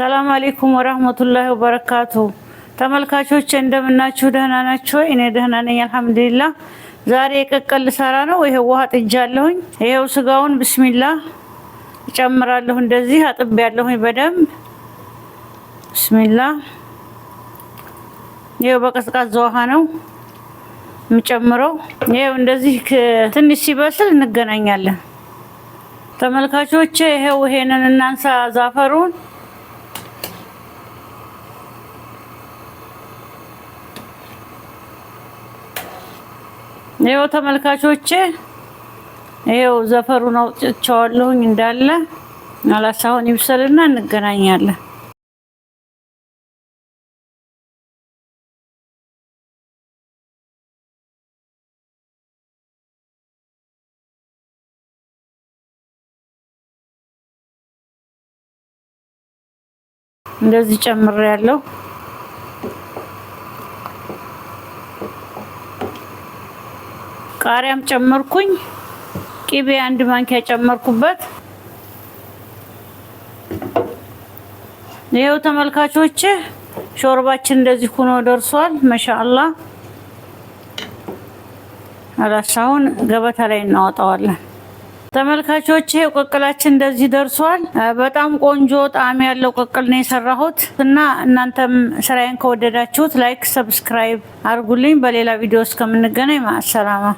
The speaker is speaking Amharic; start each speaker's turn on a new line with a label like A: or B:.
A: ሰላም አሌይኩም ወራህመቱላሂ ወበረካቱ። ተመልካቾች እንደምናችሁ ደህና ናችሁ? እኔ ደህና ነኝ አልሐምዱሊላህ። ዛሬ የቀቀል ልሰራ ነው። ይሄው ውሃ ጥጃለሁኝ። ይሄው ስጋውን ብስሚላ እጨምራለሁ። እንደዚህ አጥብ ያለሁኝ በደንብ ብስሚላ። ይሄው በቀዝቃዛ ውሃ ነው የምጨምረው። ይሄው እንደዚህ ትንሽ ሲበስል እንገናኛለን ተመልካቾች። ይሄው ይሄንን እናንሳ ዛፈሩን ይኸው ተመልካቾቼ፣ ይኸው ዘፈሩን አውጥቼዋለሁኝ እንዳለ አላሳሁን ይብሰልና እንገናኛለን። እንደዚህ ጨምሬ ያለው ቃሪያም ጨመርኩኝ። ቂቤ አንድ ማንኪያ ጨመርኩበት። ይኸው ተመልካቾች ሾርባችን እንደዚህ ሆኖ ደርሷል። ማሻአላ አላሳውን ገበታ ላይ እናወጣዋለን። ተመልካቾቼ ቅቅላችን እንደዚህ ደርሷል። በጣም ቆንጆ ጣዕም ያለው ቅቅል ነው የሰራሁት እና እናንተም ስራዬን ከወደዳችሁት ላይክ፣ ሰብስክራይብ አድርጉልኝ። በሌላ ቪዲዮ እስከምንገናኝ ማሰላማ